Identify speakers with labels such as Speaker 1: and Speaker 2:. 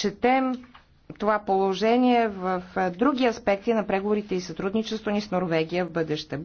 Speaker 1: Четем това положение в други аспекти на преговорите и сътрудничество ни с Норвегия в бъдеще.